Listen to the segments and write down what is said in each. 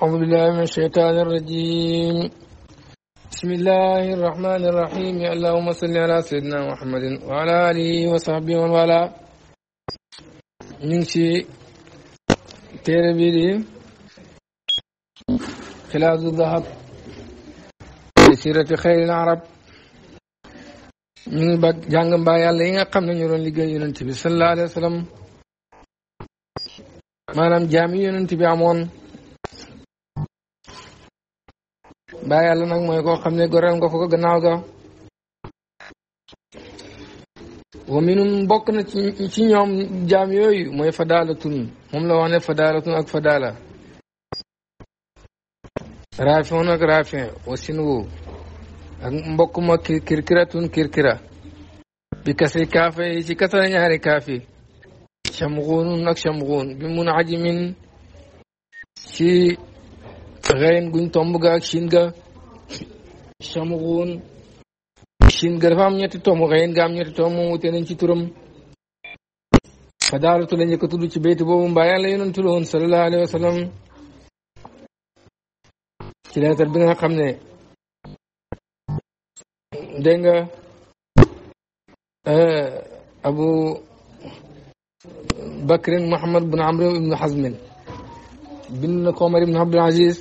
أعوذ بالله من الشيطان الرجيم بسم الله الرحمن الرحيم اللهم صل على سيدنا محمد وعلى آله وصحبه ومن والاه نمشي تيربيري خلاف الذهب سيرة خير العرب من بعد جانب بايا mbaa yàlla yi nga xam ne ñu doon liggéey yonent bi sallallahu alayhi wa baa yàlla nag mooy koo xam ne goreel nga ko gannaaw ga wa minum bokk na ci ñoom jaam yooyu mooy fadaalatun moom la wax ne fadaalatun ak fadaala rafin ak rafin wa sinwu ak mbokk ma kirkiratun kirkira bi kasi yi ci kasara ñaari kaafi chamxuunun ak chamxuun bi mun ajimin ci xëyn guñ tomb ga ak shin ga chamxuun shin ga dafa am ñetti tomb xëyn ga am ñetti tomb moom wute nañ ci turam fa daaratu la njëkk a tudd ci bayti boobu mbaa yàlla yonentu la woon sallallahu alayhi wa sallam ci leetar bi nga xam ne dégg nga euh, abu bakrin muhammad bin amr ibn hazmin bind na ko omar ibn abdul aziz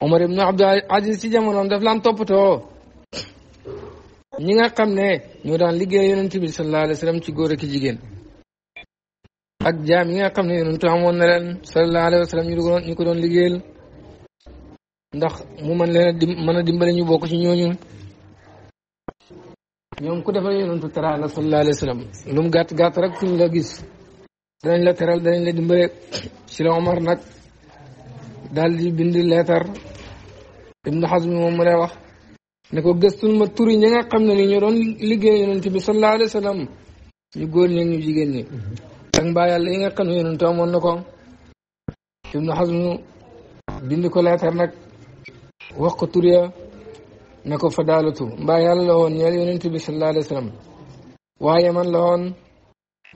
Omar ibnu Abdul Aziz ci jamonoom daf laan toppatoo ñi nga xam ne ñoo daan liggéey yonent bi sallallahu alayhi wa ci góor ak jigéen ak jaam yi nga xam ne yonentu amoon na leen sallallahu alayhi wa sallam ñu ko doon liggéeyal ndax mu mën leen a mën a dimbale ñu bokk ci ñooñu ñoom ku defal yonentu teraanga sallallahu alayhi wa sallam lu mu gàtt gàtt rek suñu la gis danañ la teral danañ la dimbale ci la Omar nag daal di bind leetar ibnu xasmi moom mu lay wax na ko gëstul ma turi ñi nga xam ne ni ñu doon liggéey yonent bi sallallahu alayhi wa sallam ñu góor ñu jigéen ñi yi xam ne yonent amoon na ko ibnu xasmi bind ko leetar nag wax ko tur ya ne ko fa daalatu mbaa yàlla la woon ñeel yonent bi sallallahu waaye man la woon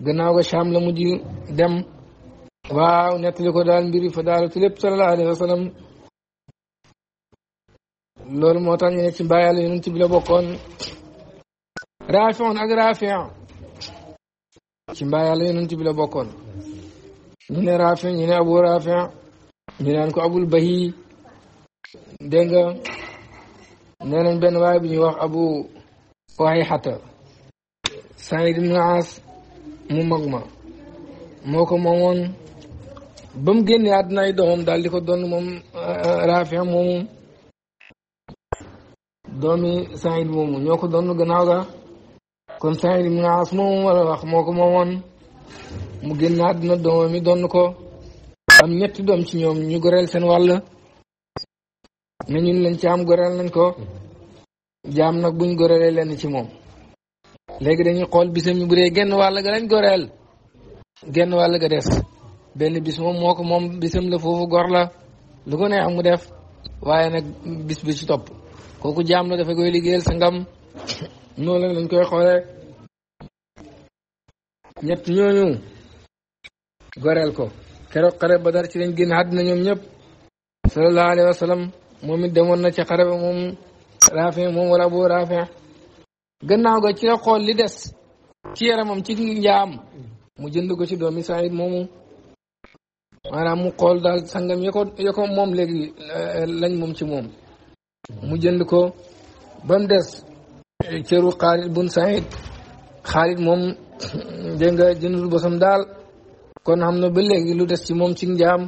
gannaaw ga Sham la mujj dem waaw nettali ko daal mbiri fa daal ci lépp sallallahu alayhi moo tax ñu ne ci mbaayal yonent bi la bokkoon raafion ak raafion ci mbaayal yonent bi la bokkoon ñu ne raafion abu raafion ñu naan bahi dégg nga nee nañ benn waay bu ñuy wax abu waxi xata Saïd ibn Aas mu mag ma moo ko moomoon ba mu génnee àddina ay doomam daal di ko doon moom euh, Raafi' moomu doomi Saïd moomu ñoo ko doon gannaaw ga kon Saïd ibn Aas moomu wala wax moo ko moomoon mu génne àddina doomam yi doon ko am ñetti doom ci ñoom ñu goreel seen wàll ne ñun lañ ci am goreel nañ ko jaam nag buñ goreelee lenn ci moom léegi dañuy xool bisam ñu bu dee genn wàll ga lañ goreel genn wàll ga des benn bis moom moo ko moom bisam la foofu gor la lu ko ne am mu def waaye nag bis bi ci topp kooku jaam la dafa koy liggéeyal sa ngam noonu la lañ koy xoolee ñett ñooñu goreel ko keroog xare Badar ci lañ génn àddina ñoom ñëpp sallallahu alayhi moom it demoon na ci xare ba moom Raafi moom wala boo Raafi gannaaw ga ci la xool li des ci moom ci njaam mu jënd ko ci doomi Saïd moomu maanaam mu xool daal sangam ya ko ya moom léegi eh, lañ moom ci moom mu jënd ko ba mu des cëru Xaalid bun Saïd Xaalid moom dégg nga jëndul bosam daal kon xam na ba léegi lu des ci moom ci njaam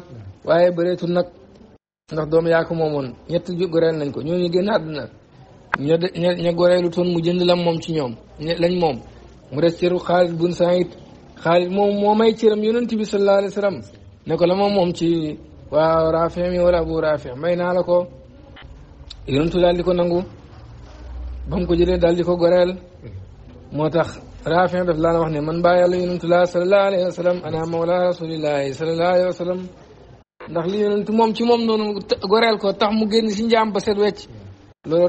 waaye bëreetul nag ndax doom yaa ko moomoon ñett ju goreel nañ ko ñooñu génn àdduna ña ña goreelu toon mu jënd lam moom ci ñoom lañ moom mu des cëru Xaalid bun Saïd Xaalid moom moo may cëram yonent bi sallallahu alayhi wa ne ko la moom moom ci waaw rafet mi wala abu rafet may naa la ko yonentu daal di ko nangu ba ko jëlee daal di ko goreel moo tax rafet daf laa wax ne man baa yàlla yonentu laa sallallahu alayhi wa sallam ana mawla li yonentu moom ci moom noonu goreel ko tax mu génn si njaam ba set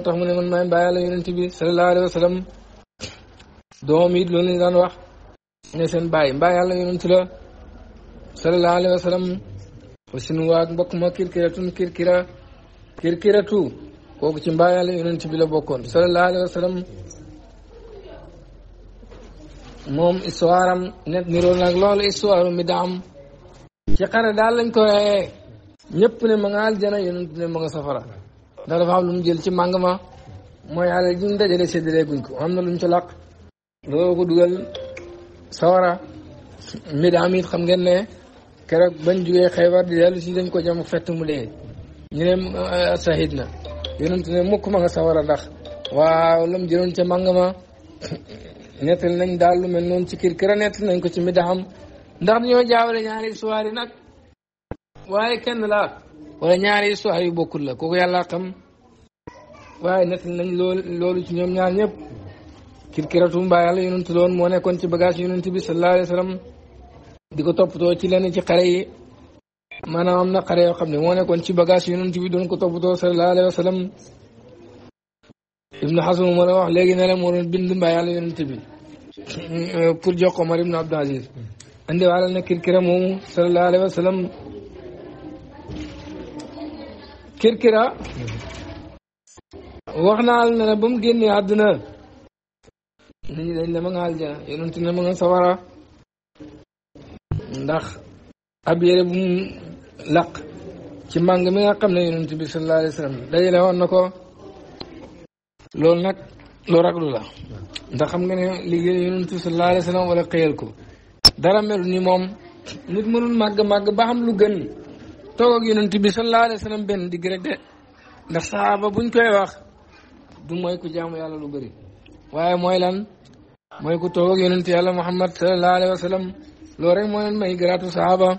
tax mu ne man maay baa yàlla yonent bi sallallahu alayhi wa sallam doomam it lañ daan wax ne seen bàyyi mbaa yàlla yonentu la sallallahu alayhi wa sallam mbokk ma kirkiratun kirkira kirkiratu kooku ci mbaayal yonent bi la bokkoon sallallahu alayhi wa sallam moom histoire net niroo nag loolu histoire mi ci xare daal lañ ko reyee ñëpp ne ma nga aljana yonent ne ma nga safara ndax dafa am lu mu jël ci màng ma mooy alal ji ñu dajale séddalee guñ ko am na lu ñu ci làq loolu ko dugal sawara mi daam it xam ngeen ne keroog bañ jugee xaybar di dellu si dañ ko jam fett mu dee ñu ne ah, ah, sahid na yonent ne mukk ma nga sawara ndax waaw lam jëloon ca màngama nettal nañ daal lu mel noonu ci kir kira nettal nañ ko ci midaxam ndax dañoo jaawale ñaari histoire yi waaye kenn la wala ñaari histoire yu bokkul la kooku yàlla xam waaye nettal nañ loolu loolu ci ñoom ñaar ñëpp kir kiratu mbaa yàlla yonent loon moo nekkoon ci bagage yonent bi sallallahu alayhi wa di ko toppatoo ci lenn ci xare yi maanaam am na xare yoo xam ne moo nekkoon ci bagage yu Yonent bi doon ko toppatoo sallallahu alayhi wa sallam Ibnu Hazm moo la wax léegi ne la moo doon bind mbaa yàlla Yonent bi pour jox ko Omar ibnu Abdul Aziz andi wàll na kirkira moomu sallallahu alayhi wa sallam kirkira wax naa ne la ba mu génnee àdduna nit ñi dañ ne ma nga aljana Yonent ne ma nga sawara ndax ab yére bu mu laq ci màng mi nga xam ne yonent bi sallallahu alayhi wa sallam dajale woon na ko loolu nag lu raglu la ndax xam nga ne liggéey yonent bi sallallahu alayhi wa sallam wala xëyal ko dara mel ni moom nit mënul màgg-màgg ba xam lu gën toog ak yonent bi sallallahu alayhi wa sallam benn digg ndax saxaaba buñ koy wax du mooy ku jaamu yàlla lu bëri waaye mooy lan mooy ku toog ak yonent yàlla Muhammad sallallahu alayhi loolu rek moo leen may garaatu saxaaba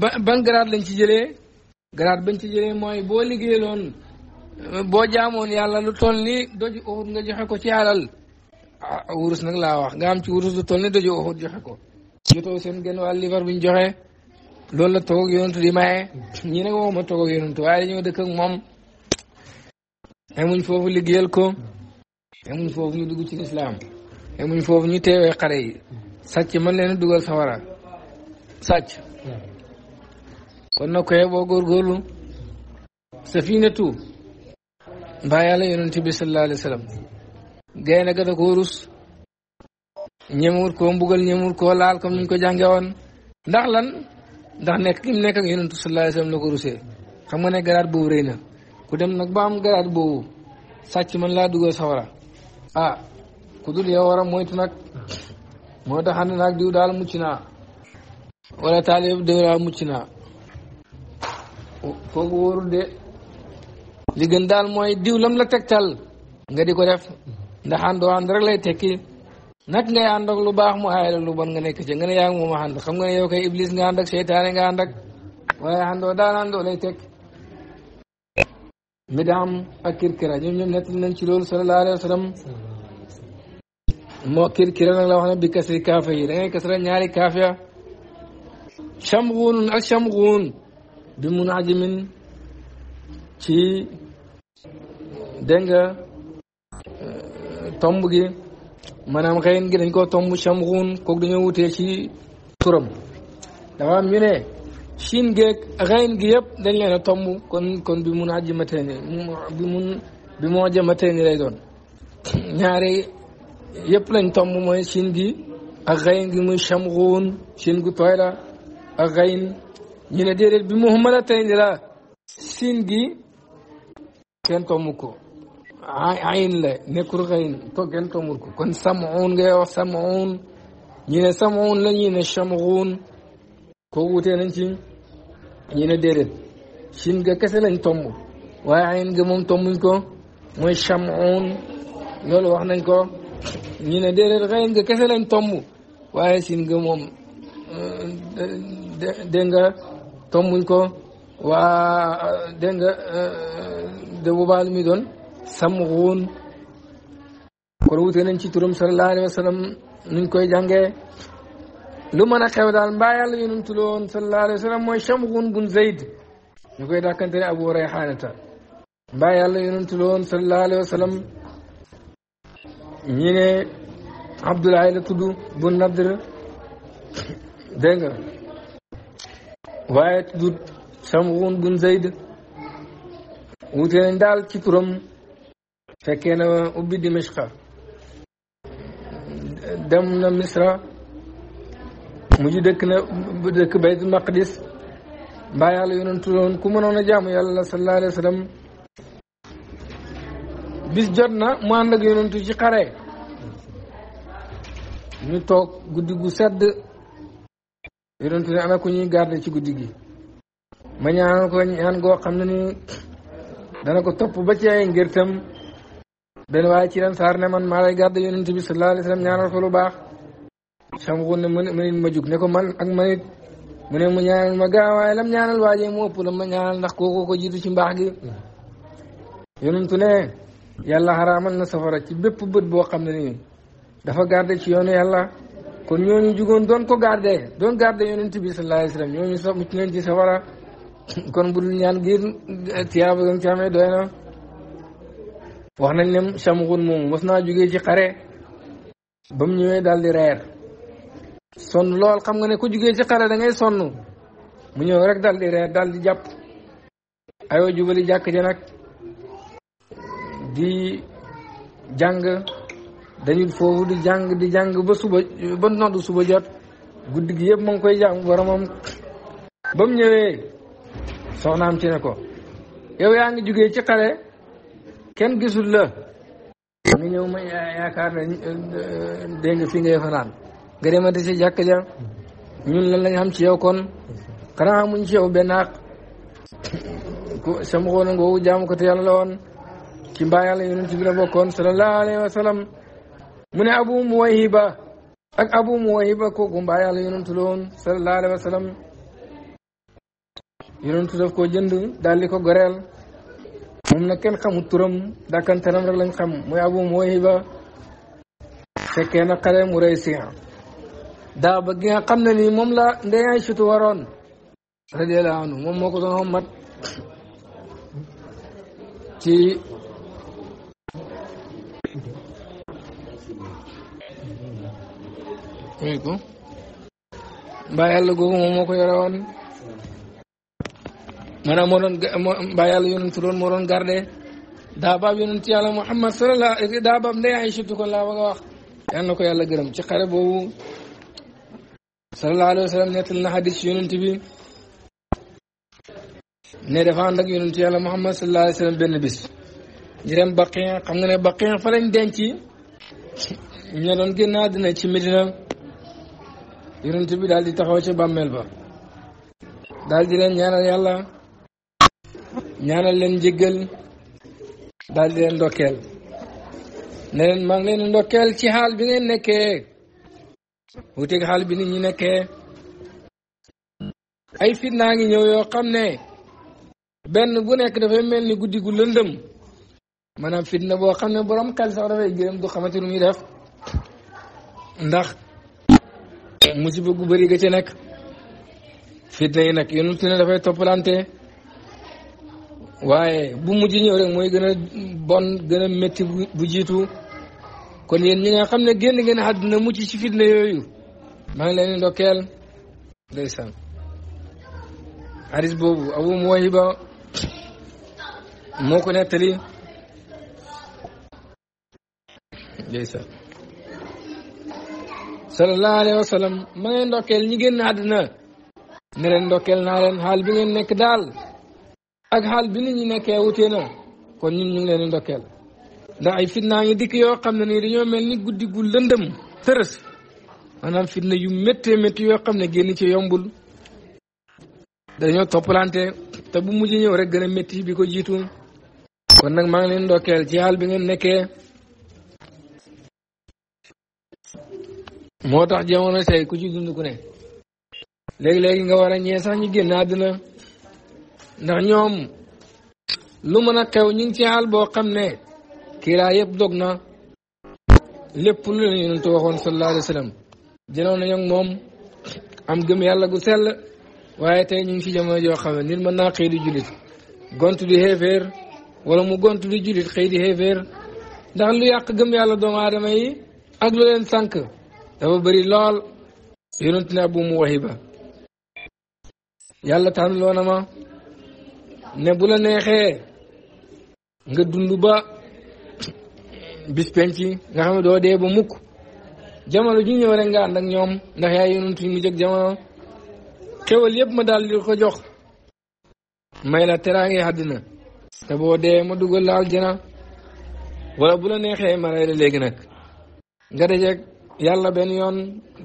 ba ban lañ ci jëlee garaat bañ ci jëlee mooy boo liggéeyaloon boo jaamoon yàlla lu toll ni doju Uhud nga joxe ko ci alal ah, wurus nag laa wax nga am ci wurus lu toll ni doju Uhud joxe ko jotoo seen genn wàll liibar bu joxe loolu la toog ak yonentu di maye ñi nag waxuma toog ak yonentu waaye dañoo dëkk ak moom amuñ foofu liggéeyal ko amuñ foofu ñu dugg ci lislaam yemuñ foofu ñu teewee xare yi sàcc man leen dugal sawara sàcc kon na koy boo góorgóorlu safinatu mbaa yàlla yonent bi sallallahu alayhi wa sallam gaynde ga da koo rus ñemewut koo mbugal ñemewut ko laal comme niñ ko jànge woon ndax lan ndax nekk ki mu nekk ak yonentu sallallahu alayhi wa ko rusee xam nga ne garaat boobu rëy na ku dem nag ba am garaat boobu sàcc mën laa dugal sawara ah ku dul yow a moytu nag moo tax ne diw daal mucc naa wala taalib diw daal mucc kooku wóorul de li daal mooy diw lam la tegtal nga di ko def ndax àndoo lay tekki nag ngay ànd lu baax mu aay lu bon nga nekk ci nga ne yaa ngi moom a ànd xam nga ne yow kay iblis nga ànd ak nga ànd ak waaye daal àndoo lay tekk mi daam kirkira ñoom ñoom nett nañ loolu sallallahu alayhi wa moo kii kii nag la wax ne bi kasri kaafe yi da ngay kasra ñaari kaafe ya chamxuunun ak chamxuun bi mun ajimin ci dégg euh, tomb gi maanaam xëyin gi dañ koo tomb chamxuun kooku dañoo wutee ci turam dafa am ñu ne chin gi yëpp dañ leen a tomb kon kon bi mun ajimatee ni bi mun bi moo jëmatee ni lay doon ñaari yëpp lañ tomb mooy siin gi ak xayin gi muy chamxuun siin gu tooy la ak xayin ñu ne déedéet bi muhammada tey ni la siin gi kenn tomb ko ayin la nekkul xayin to kenn tombul ko kon samuun ngay wax samuun ñu ne samuun la ñu ne chamxuun ko wutee nañ ci ñu ne déedéet siin ga kese lañ tomb waaye ayin ga moom tombuñ ko mooy chamuun loolu wax nañ ko ñu ne déedéet xëy nga kese lañ tomb waaye sin nga moom euh, dégg nga tombuñ ko waa dégg nga euh, de bubaal mi doon samxuun kon wute nañ ci turam sallallahu alayhi wa koy jàngee lu mën a xew daal mbaa yàlla yonum tuloon sallallahu alayhi wa sallam mooy samxuun bun zayd ñu koy dàkkante ne abu rayxaanata mbaa yàlla yonum tuloon sallallahu alayhi wa ñi ne Abdoulaye la tudd Nadr dégg nga waaye tudd Samwun bun Zayd wute nañ daal ci turam fekkee na ubbi Dimashqa dem Misra mujj dëkk na dëkk Maqdis mbaa yàlla yonentu ku mënoon a jaamu yàlla la alayhi wa sallam bis jot na mu ànd ak yonentu ci xare ñu toog guddi gu sedd yonentu ne ana ku ñuy garde ci guddi gi ma ñaanal ko ñaan goo xam ne ni dana ko topp ba ci ay ngirtam benn waaye ci ren saar ne man maa lay garde yonentu bi sallallahu alayhi wa sallam ñaanal ko lu baax sam xun ne mënit ma jug ne ko man ak manit mu ne mu ñaanal ma gaaw waaye lam ñaanal waajee mu ëpp la ma ñaanal ndax kooku ko jiitu ci mbaax gi yonentu ne yàlla xaraamal na safara ci bépp bët boo xam ne nii dafa garde ci yoonu yàlla kon ñooñu jugoon doon ko garde doon garde yonent bi sallallahu alayhi wasallam ñooñu sax ci nañ ci safara kon bu dul ñaan giir tiyaaba gam ci amee doy na wax nañ ne samxun moom mos naa jógee ci xare ba mu ñëwee daal di reer sonn lool xam nga ne ku jógee ci xare dangay ngay sonn mu ñëw rek daal di reer daal di jàpp ayoo jubali jàkk ja nag di jàng dañu foofu di jàng di jàng ba suba ba noddu suba jot guddi gi yëpp ma ngi koy jàng boromam ba mu ñëwee soxnaam ci ne ko yow yaa ngi jugee ci xale kenn gisul la nga ñëw ma yaakaar ne eh, dégg nga fi ngay fanaan nga demante si jàkk ja ñun lan lañ xam ci yow kon xanaa amuñ ci yow benn àq ku sama xool jaamu ko te yàlla la woon ci mbaa yàlla yonent bi la bokkoon sallallahu alayhi wa mu ne abu muwayhiba ak abu muwayhiba kooku mbaa yàlla yonent la woon sallallahu alayhi wa sallam yonent daf koo jënd daal di ko goreel moom nag kenn xamut turam dàkkantaram rek lañ xam muy abu muwayhiba fekkee na xale mu rëy si daa ba gi nga xam ne nii moom la ndey ay sutu waroon radiyallahu anhu moom moo ko doon xommat ci wuyu ko mbaa yàlla googu moo ko yore woon moo doon mbaa yàlla yonentu doon moo doon gardé daabaab yonentu yàlla Muhammad sallallahu alayhi daabaab ndey kon laa bëgg wax yal na ko yàlla gërëm ci xare boobu sallallahu alayhi wa sallam nettal na ci yonent bi ne dafa ànd ak yonentu yàlla Muhammad sallallahu alayhi wa sallam bis ñu dem Baqi ne Baqi fa lañ denc ñu doon génn ci Medina yonent bi daal di taxaw ci bàmmeel ba daal di leen ñaanal yàlla ñaanal leen njëggal daal di leen ndokkeel ne leen maa leen ndokkeel ci xaal bi ngeen nekkee wuteeg xaal bi nit ñi nekkee ay fitnaa ngi ñëw yoo xam ne benn bu nekk dafay mel ni guddi gu lëndëm maanaam fitna boo xam ne borom xel sax dafay gërëm du xamante lu def ndax musiba gu bëri ga ca nekk fitna yi nag yonent ne dafay toppalante waaye bu mujj ñëw rek mooy gën a bon gën a métti bu jiitu kon yéen ñi nga xam ne génn ngeen àdduna mucc ci fitna yooyu maa ngi leen di ndokkeel ndeysaan xadis boobu abu muwahiba moo ko nettali ndeysaan sallallahu alayhi wa sallam ma ngay ndokkeel ñi génn àdduna ne leen ndokkeel naa xaal bi ngeen nekk daal ak xaal bi nit ñi nekkee wutee kon ñun ñu ngi leen di ndokkeel ndax ay fitnaa ngi dikk yoo xam ne nii dañoo mel ni guddi gu lëndëm tërës maanaam fitna yu méttee métti yoo xam ne génn ci yombul dañoo toppalante te bu mujj ñëw rek gën a métti bi ko jiitu kon nag maa ndokkeel ci xaal bi ngeen nekkee moo tax jamono tey ku ci dund ne léegi-léegi nga war a ñee sax ñu génn àdduna ndax ñoom lu mën a kew ñu ngi ci xaal boo xam ne kiiraa yëpp dog na lépp lu leen yonent waxoon sallallahu alayhi wa sallam moom am gëm yàlla gu sell waaye te ñu ngi ci jamono joo xam ne nit mën naa xëy di jullit gont di xeeféer wala mu gont di jullit xëy di xeeféer ndax lu yàq gëm yàlla doomu aadama yi ak lu leen sànq dafa bëri lool yonent mu abu muwahiba yàlla tànn loo ma ne bu la neexee nga dund ba bis penc nga xam doo dee ba mukk jamono ju ñëw rek nga ànd ak ñoom ndax yaay yonent mu jëkk jamono xewal yépp ma daal di ko jox may la teraange àddina te boo dee ma dugal la aljana walla bu la neexee ma rey léegi nag nga dajeeg yàlla benn yoon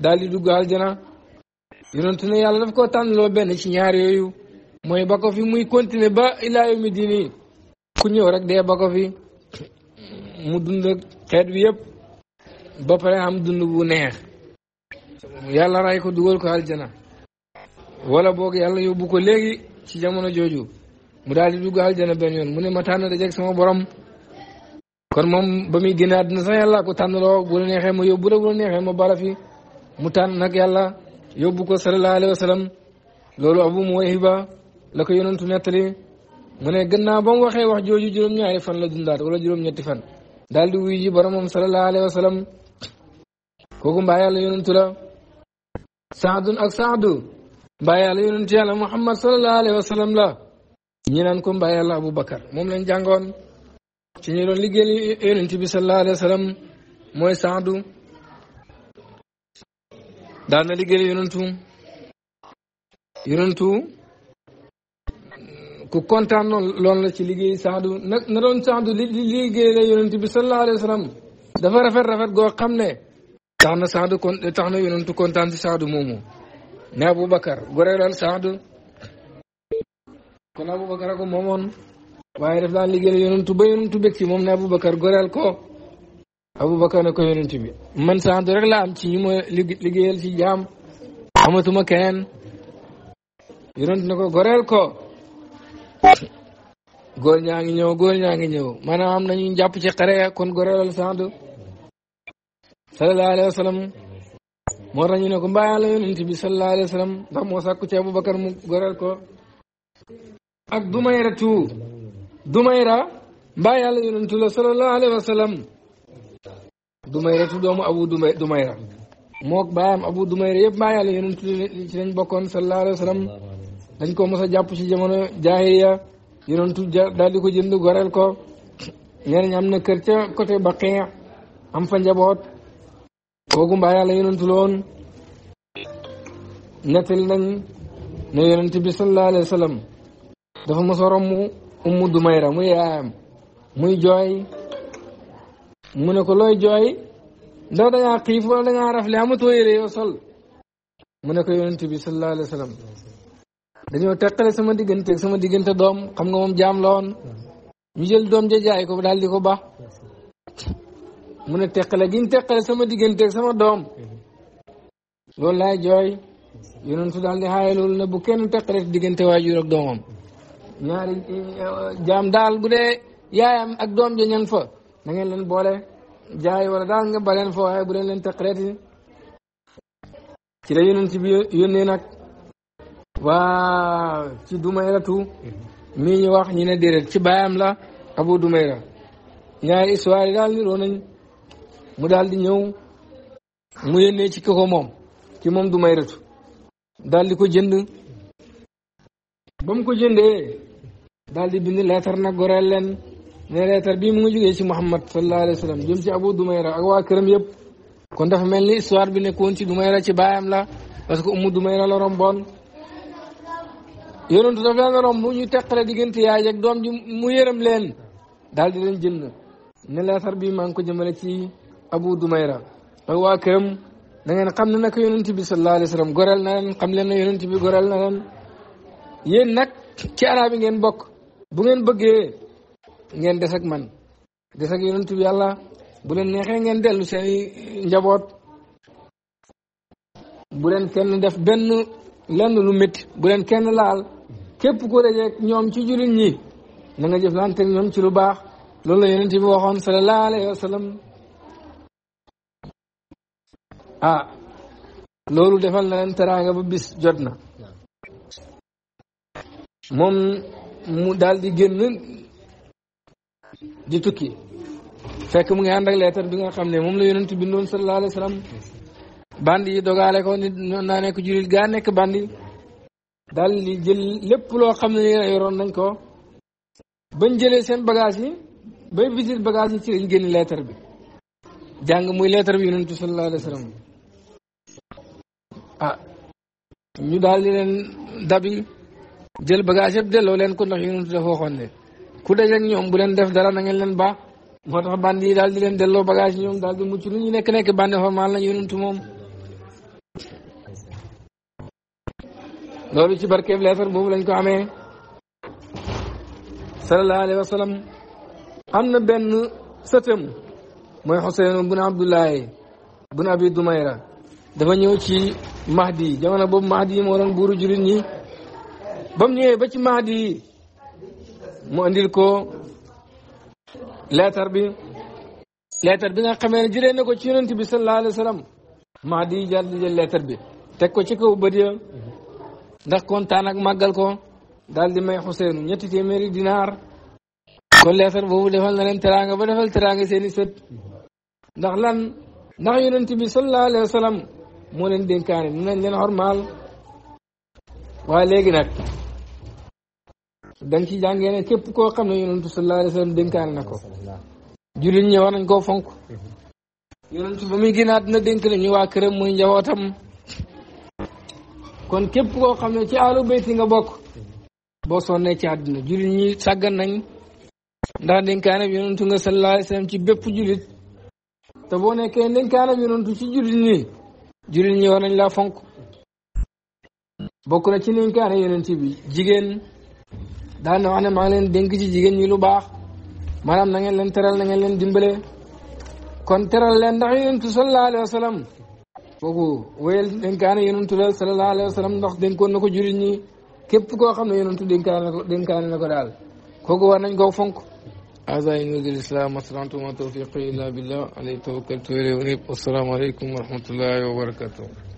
daal di dugg aljana yonentu ne yàlla daf koo tànnloo benn ci ñaar yooyu mooy ba ko fi muy continuer ba ilaa yawmi diini ku ñëw rek dee ba ko fi mu dund xeet bi yëpp ba pare am dund bu neex yàlla ray ko dugal ko aljana wala boog yàlla yóbbu ko léegi ci jamono jooju mu daal di dugg aljana benn yoon mu ne ma tànn dajeeg sama borom kon moom ba muy génne àddina sax yàlla ko tànnaloo bu la neexee ma yóbbu la bu la neexee ma bara fi mu tànn nag yàlla yóbbu ko sallallahu alayhi wa sallam loolu abu muwayhiba la ko yonentu nettali mu ne gannaaw ba mu waxee wax jooju juróom-ñaari fan la dundaat wala juróom-ñetti fan daal di wuyu ji boromam sallallahu alayhi wa sallam kooku mbaa yàlla yonentu la saadun ak saadu mbaa yàlla yonentu yàlla muhammad sallallahu alayhi wa sallam la ñi naan ko mbaa yàlla abou bakar ci ñu doon liggéeyal yonent bi sallallahu mooy saadu daan na liggéeyal yonentu yonentu ku kontaan loolu la ci liggéey saadu na na doon saadu liggéey la yonent bi sallallahu dafa rafet rafet goo xam ne tax na saadu kon tax na yonentu kontaan si saadu moomu saadu kon Aboubacar a ko moomoon waaye daf daan liggéeyal yonentu ba yonentu bëgg ci moom ne Aboubacar goreel ko Aboubacar ne ko yonentu man sant rek laa am ci ñi ma liggéeyal ci jaam amatuma keneen yonentu ne ko goreel ko góor ñaa ngi ñëw góor ñaa ngi ñëw maanaam am nañu jàpp ci xare kon goreelal sant sallallahu alayhi wa sallam moo tax ñu ne ko mbaa yàlla yonent bi sallallahu alayhi moo sàkku ci Aboubacar mu goreel ko ak du may retu dumayra mbaa yàlla yonentu la sallallahu alayhi wa sallam dumayra tu doomu abu dumayra mook baayam abu dumayra yëpp mbaa yàlla yonentu ci lañ bokkoon sallallahu alayhi wa sallam dañ ko mos a jàpp ci jamono jaahiliya yonentu daal di ko jënd goreel ko ñeneen ñi na kër ca côté am fa njaboot kooku mbaa la woon nettali nañ ne yonent bi alayhi wa dafa mos a ummu dumayra muy yaayam muy joy mu ne ko looy joy ndaw da ngaa xiif wala da ngaa rafle amatoo yére yow sol mu ne ko yonent bi sallallahu alayhi wa sallam dañoo teqale sama digganteeg sama diggante doom xam ga moom jaam loon woon jël doom ja jaay ko daal di ko ba mu ne teqale giñ teqale sama diggante sama doom loolu laay jooy yonentu daal di xaaye loolu ne bu kenn teqale diggante waajur ak doomam ñaari eh, jaam daal bu dee yaayam ak doom ja ñan fa na ngeen leen boole jaay wala daal ba baleen fa waaye bu leen leen taqreeti ci la yonent bi yónnee nag waa ci dumayratu mii ñu wax ñu ne déedéet ci baayam la abu dumayra ñaari histoire yi daal niroo nañ mu daal di ñëw mu yónnee ci koko moom ci moom dumayratu daal di ko jënd ba mu ko jëndee daal di bind leetar nag goreel leen ne leetar bii mu ngi jógee ci Muhammad sallallahu alayhi wa sallam jëm ci Abu Dumayra ak waa këram yëpp kon dafa mel ni histoire bi nekkoon ci Dumayra ci baayam la parce que Ummu Dumayra la romboon yonentu daf leen romb ñu teqale diggante yaay ak doom ji mu yërëm leen daal di leen jënd ne leetar bii maa ngi ko jëmale ci Abu Dumayra ak waa këram da ngeen xam ne nag yonent bi sallallahu alayhi wa sallam goreel na leen xam leen ne yonent bi goreel na leen yéen nag ci arab yi ngeen bokk bu ngeen bëggee ngeen des ak man des ak yonent bi yàlla bu leen neexee ngeen dellu seeni njaboot bu leen kenn def benn lenn lu métti bu leen kenn laal képp ku dajeeg ñoom ci jullit ñi na nga jëflante ak ñoom ci lu baax loolu la yonent bi waxoon sallallahu alayhi wa sallam ah loolu defal na leen teraanga ba bis jot na moom mu daal di génn di tukki fekk mu ngi ànd ak leetar bi nga xam ne moom la yonent bindoon sallallahu alayhi wa sallam bandi yi dogaale ko nit noonu naa nekk jullit gaa nekk bandi daal jël lépp loo xam ne yoroon nañ ko bañ jëlee seen bagaas yi bay visite bagage yi ci lañ génn leetar bi jàng muy leetar bi yonent sallallahu alayhi wa ah ñu daal di dabi jël bagage delloo leen ko ndax yonentu dafa waxoon ne ñoom bu leen def dara na ngeen leen baax moo tax bandi yi daal di leen delloo bagage ñoom daal di mucc lu ñu nekk nekk bandi formal la yonentu moom loolu ci barkeeb leetar boobu lañ ko amee sallallahu alayhi wa am na benn sëtëm mooy Xuseyn bun Abdullahi bun Abi Dumayra dafa ñëw ci Mahdi jamono boobu Mahdi moo doon buuru jullit ba mu ba ci Mahdi mu andil ko leetar bi leetar bi nga xamee ne jëlee na ko ci yonent bi sallallahu alayhi wa sallam Mahdi jàll di jël leetar bi teg ko ci kaw bët ndax kontaan ak màggal ko daal di may Xuseenu ñetti téeméeri dinaar kon leetar boobu defal na leen teraanga ba defal teraanga seeni sët ndax lan ndax yonent bi sallallahu alayhi wa sallam moo leen dénkaane dinañ leen xormaal waaye léegi nag da nga ci jàngee képp koo xam ne yonentu sallallahu alayhi na ko jullit ñi war nañ koo fonk yonentu ba muy génnaat dina dénk nañu waa këram kon képp ko xam ne ci aalu bayti nga bokk boo sonnee ci àdduna jullit ñi sàggan nañ ndax dénkaane bi yonentu nga sallallahu alayhi ci bépp jullit te boo nekkee dénkaane bi yonentu ci jullit ñi jullit ñi war nañ laa fonk bokk na ci dénkaane yonent bi jigéen daan na wax ne maa leen dénk ci jigéen ñi lu baax maanaam na ngeen leen teral na ngeen leen dimbale kon teral leen ndax yonentu sallallahu alayhi wa sallam kooku wéyal dénkaane yonentu la sallallahu alayhi wa sallam ndax dénkoon na ko jullit ñi képp koo xam ne yonentu dénkaane na ko dénkaane na ko daal kooku war nañ koo fonk هذا ينود الإسلام أسلمت وما توفيقي إلا بالله عليه توكلت وإليه أنيب والسلام عليكم ورحمة الله